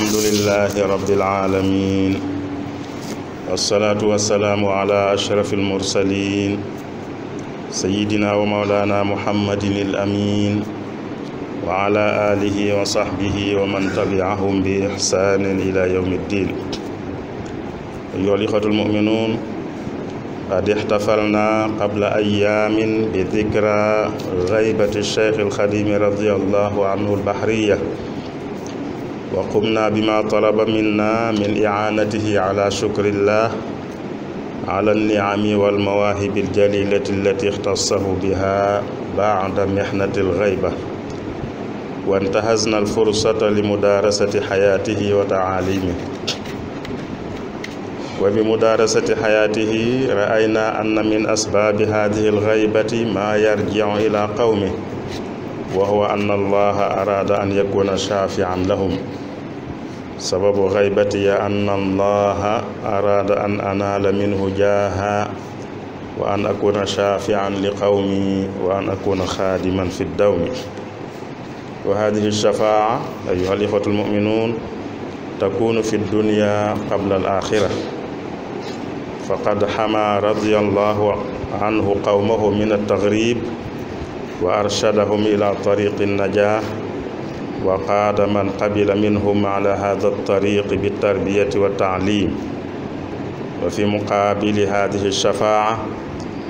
الحمد لله رب العالمين والصلاة والسلام على أشرف المرسلين سيدنا ومولانا محمد الأمين وعلى آله وصحبه ومن تبعهم بإحسان إلى يوم الدين أيها الإخوة المؤمنون قد احتفلنا قبل أيام بذكرى غيبة الشيخ الخديم رضي الله عنه البحرية وقمنا بما طلب منا من إعانته على شكر الله على النعم والمواهب الجليلة التي اختصه بها بعد محنة الغيبة وانتهزنا الفرصة لمدارسة حياته وتعاليمه وبمدارسة حياته رأينا أن من أسباب هذه الغيبة ما يرجع إلى قومه وهو أن الله أراد أن يكون شافعا لهم سبب غيبتي أن الله أراد أن أنال منه جاها وأن أكون شافعا لقومي وأن أكون خادما في الدوم وهذه الشفاعة أيها الإخوة المؤمنون تكون في الدنيا قبل الآخرة فقد حمى رضي الله عنه قومه من التغريب وأرشدهم إلى طريق النجاح وقاد من قبل منهم على هذا الطريق بالتربية والتعليم وفي مقابل هذه الشفاعة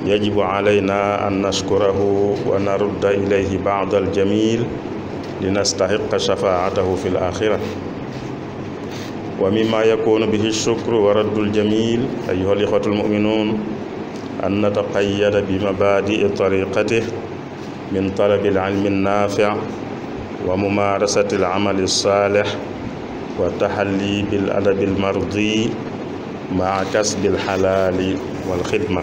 يجب علينا أن نشكره ونرد إليه بعض الجميل لنستحق شفاعته في الآخرة ومما يكون به الشكر ورد الجميل أيها الإخوة المؤمنون أن نتقيد بمبادئ طريقته من طلب العلم النافع وممارسة العمل الصالح والتحلي بالأدب المرضي مع كسب الحلال والخدمة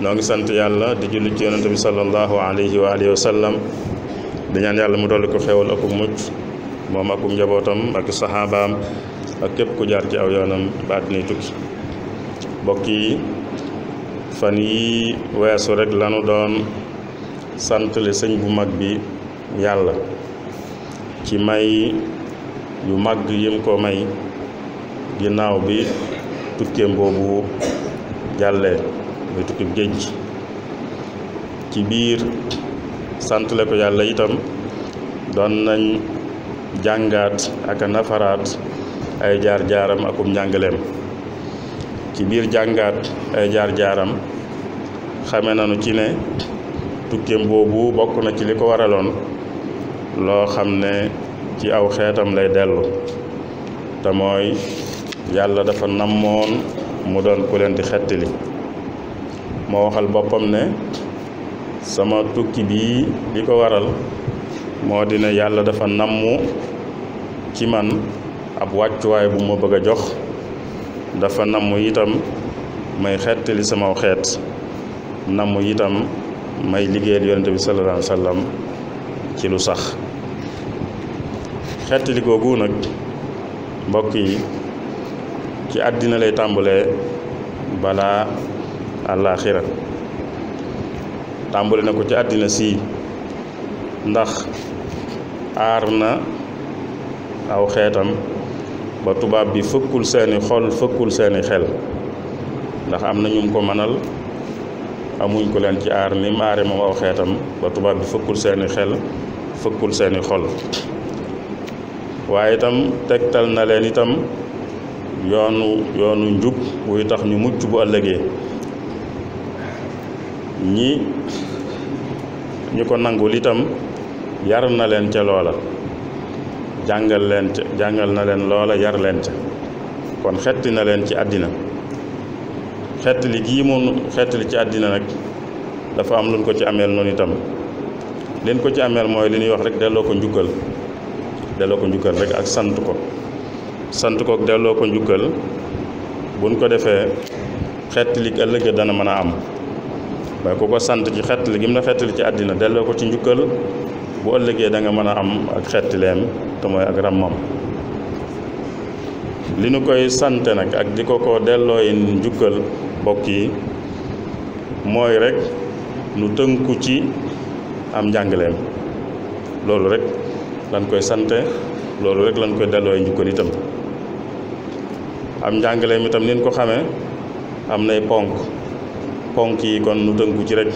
نعم سنت يالا دجل جيون النبي صلى الله عليه وآله وسلم دنيان يالا مدول كخيول أكو مج ماما كم جبوتم أك صحابة أكيب كجار جاو يانم بعد نيتوك بكي فني ويسورك لانو دون سنت لسنج بمك بي yàlla ci may yu màgg yim ko may ginnaaw bi tukkeem boobu jàllee muy tukki géej ci biir santale ko yàlla itam doon nañ jàngaat ak nafaraat ay jaar-jaaram akum njàngaleem ci biir jàngaat ay jaar-jaaram xame nañu ci ne tukkeem boobu bokk na ci li ko waraloon loo xam ne ci aw xeetam lay dellu te mooy yàlla dafa nammoon mu doon ku leen di xettali moo waxal boppam ne sama tukki bii li ko waral moo di ne yàlla dafa nammu ci man ab wàccuwaay bu ma bëgg a jox dafa nammu itam may xettali sama xeet nammu itam may liggéeyal yonente bi sallallahu wa sallam ci lu sax xettali gogu nak mbokk yi ci adina lay tambule bala al-akhirah tambule nako ci adina si ndax arna aw xetam ba tubab bi fëkkul seeni xol fëkkul seeni xel ndax amna ñum ko manal amuñ ko leen ci aar ni maare moom aw xeetam ba tubaab bi fëkkul seeni xel fëkkul seeni xol waaye itam tegtal na leen itam yoonu yoonu njub wuy tax ñu mucc bu ëllëgee ñi ñu ko nangul itam yar na leen ca loola jàngal leen ca jàngal na leen loola yar leen ca kon xetti na leen ci àddina xettali gii moom xettali ci àddina nag dafa am lu luñ ko ci ameel noonu itam leen ko ci ameel mooy li ñuy wax rek delloo ko njukkal delloo ko njukkal rek ak sant ko sant ko ak delloo ko njukkal buñ ko defee xettalik ëllëg dana mën a am waaye ku ko sant ci xettali gi mu la ci àddina delloo ko ci njukkal bu ëllëgee danga mën a am ak xettileem te mooy ak ràmmam li nu koy sante nag ak di ko ko dellooy njukkal bokk yi mooy rekk nu tënku ci am njàngaleem loolu rek lañ koy sante loolu rek lañ koy delloo njukkal itam am njàngaleem itam nin ko xamee am nay ponk ponk yi kon nu tënku ci rek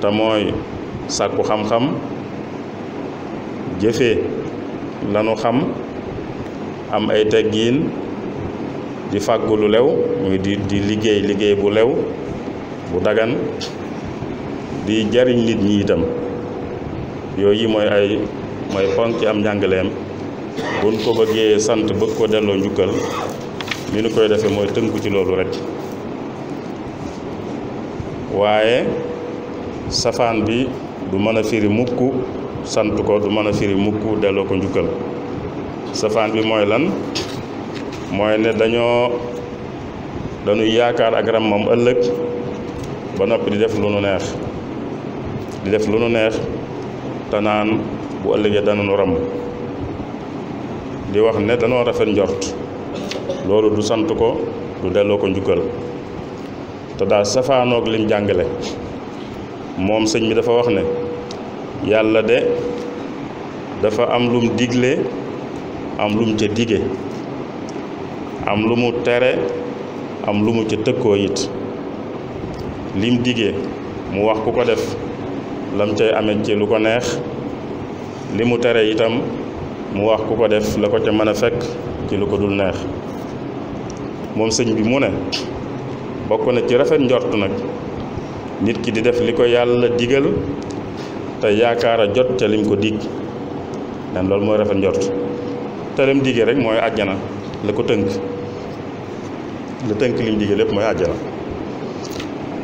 te mooy sàkku xam-xam jëfee lanu xam am ay teggiin di fàggu lu lew muy di di liggéey liggéey bu lew bu dagan di jariñ nit ñi itam yooyu mooy ay mooy ponk ci am njàngaleem buñ ko bëggee sant bëgg ko delloo njukkal ni nu koy defee mooy tënku ci loolu rek waaye safaan bi du mën a firi mukk sant ko du mën a firi mukk delloo ko njukkal safaan bi mooy lan mooy ne dañoo dañuy yaakaar ak ram moom ëllëg ba noppi di def lu nu neex di def lu nu neex te bu ëllëgee danañu ràmm di wax ne danoo rafet njort loolu du sant ko du delloo ko njukkal te daa safaanoog lim jàngale moom sëñ bi dafa wax ne yàlla de dafa am lum digle am lum ca dige am lu mu tere am lu mu ca tëkkoo it lim dige mu wax ku ko def lam cay amee ci lu ko neex li mu tere itam mu wax ku ko def la ko ca mën a fekk ci lu ko dul neex moom sëñ bi mu ne bokk na ci rafet njort nag nit ki di def li ko yàlla digal te yaakaar a jot ca lim ko dig nen loolu mooy rafet njort te lim digee rek mooy àjjana la ko tënk la tënk lim digee lépp mooy àjjana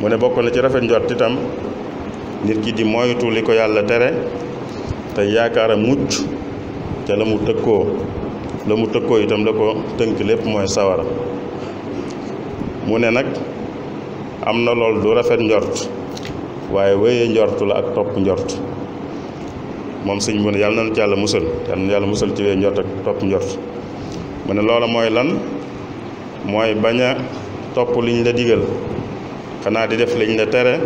mu ne bokk na ci rafet njort itam nit ki di moytu li ko yàlla tere te yaakaar a mucc te la mu tëkkoo la mu tëkkoo itam la ko tënk lépp mooy sawara mu ne nag am na lool du rafet njort waaye wéye njort la ak topp njort moom sëñ mu ne yàlla nañu ci musal yàlla yàlla musal ci wéye njort ak topp njort mu ne loola mooy lan mooy bañ a topp liñ la digal xanaa di def liñ la tere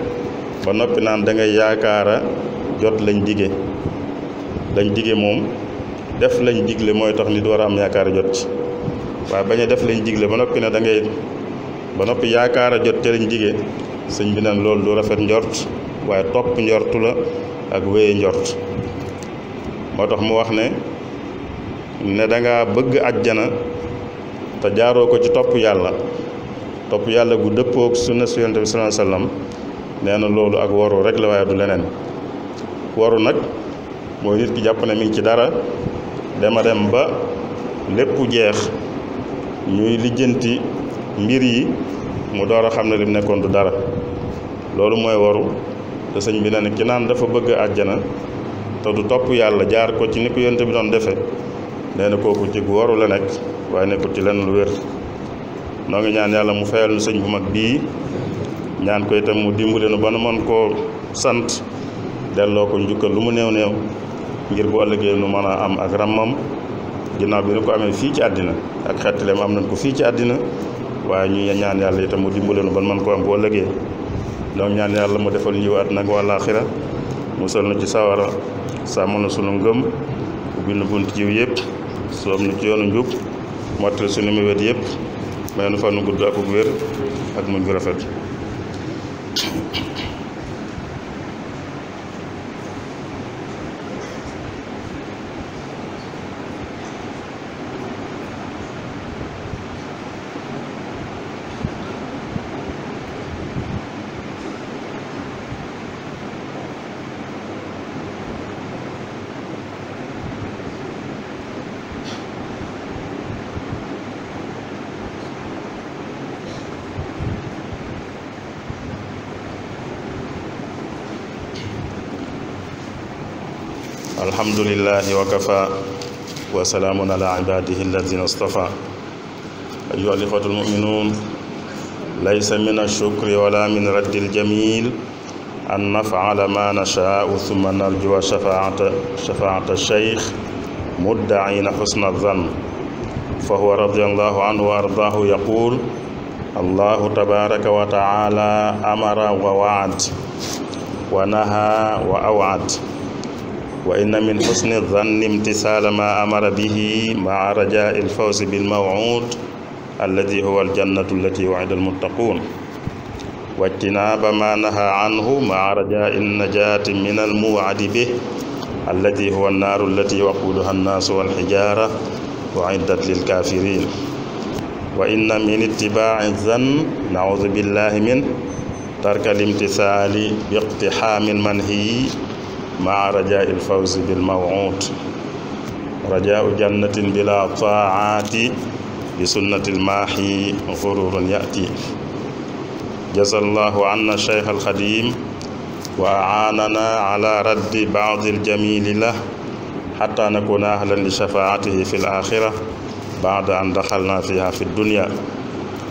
ba nopi nan da ngay yaakaara jot lañ diggé lañ diggé mom def lañ diglé moy tax nit war ra am yaakaara jot ci wa baña def lañ diglé ba nopi na da ngay ba nopi yaakaara jot ca lañ diggé señ bi nan lool do rafet njort way top njortu la ak wéy njort moo tax mu wax ne né da nga bëgg aljana ta jaaro ko ci top yalla top yalla gu deppok sunna su sallallahu alaihi wasallam nee na loolu ak waru rek la waaye du leneen waru nag mooy nit ki jàpp ne mi ngi ci dara dema dem ba lépp jeex ñuy lijjanti mbir yi mu door a xam ne lim nekkoon du dara loolu mooy waru te sëñ bi nee na ki naan dafa bëgg àjjana te du topp yàlla jaar ko ci ni ko bi doon defe nee na kooku ci waru la nekk waaye nekkul ci lenn lu wér noo yàlla mu fayal nu sëñ bu mag bii ñaan ko itam mu dimbali nu ba nu man koo sant delloo ko njukkal lu mu néew néew ngir bu ëllëgee nu man a am ak ràmmam ginnaaw bi nu ko amee fii ci àddina ak xettaleem am nañ ko fii ci àddina waaye ñu ñaan yàlla itam mu dimbali nu ba nu mën koo am bu ëllëgee donc ñaan yàlla mu defal ñiw at nag wala xira musal nu ci sawara sàmm na sunu ngëm ubbi nu bunt jiw yëpp soob nu ci yoonu njub mottal sunu mébét yëpp may nu fa nu gudd ak mu ak muñ gu rafet Thank you. الحمد لله وكفى وسلام على عباده الذين اصطفى أيها الإخوة المؤمنون ليس من الشكر ولا من رد الجميل أن نفعل ما نشاء ثم نرجو شفاعة, شفاعة الشيخ مدعين حسن الظن فهو رضي الله عنه وأرضاه يقول الله تبارك وتعالى أمر ووعد ونهى وأوعد وإن من حسن الظن امتثال ما أمر به مع رجاء الفوز بالموعود الذي هو الجنة التي وعد المتقون واجتناب ما نهى عنه مع رجاء النجاة من الموعد به الذي هو النار التي وقودها الناس والحجارة أعدت للكافرين وإن من اتباع الظن نعوذ بالله منه ترك الامتثال باقتحام المنهي مع رجاء الفوز بالموعود رجاء جنة بلا طاعات بسنة الماحي غرور يأتي جزى الله عنا الشيخ الخديم وأعاننا على رد بعض الجميل له حتى نكون أهلا لشفاعته في الآخرة بعد أن دخلنا فيها في الدنيا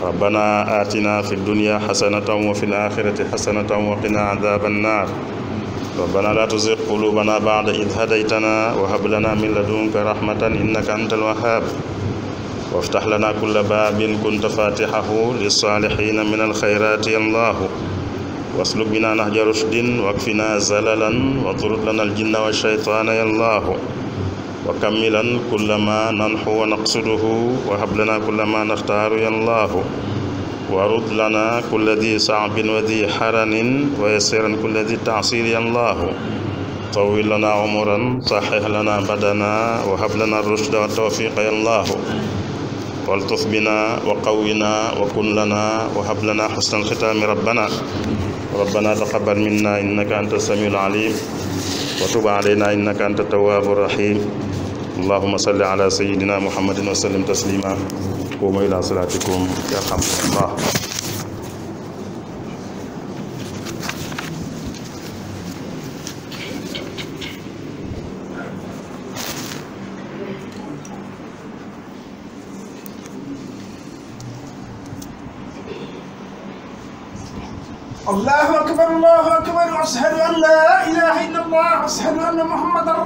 ربنا آتنا في الدنيا حسنة وفي الآخرة حسنة وقنا عذاب النار ربنا لا تزغ قلوبنا بعد إذ هديتنا وهب لنا من لدنك رحمة إنك أنت الوهاب وافتح لنا كل باب كنت فاتحه للصالحين من الخيرات يا الله واسلك بنا نهج رشد واكفنا زللا واطرد لنا الجن والشيطان يا الله وكملا كل ما ننحو ونقصده وهب لنا كل ما نختار يا الله ورد لنا كل ذي صعب وذي حرن ويسر كل ذي تعسير يا الله طول لنا عمرا صحح لنا بدنا وهب لنا الرشد والتوفيق يا الله والطف بنا وقونا وكن لنا وهب لنا حسن الختام ربنا ربنا تقبل منا انك انت السميع العليم وتب علينا انك انت التواب الرحيم اللهم صل على سيدنا محمد وسلم تسليما قوموا إلى صلاتكم يرحمكم الله الله أكبر الله أكبر أشهد أن لا إله إلا الله أشهد أن محمدا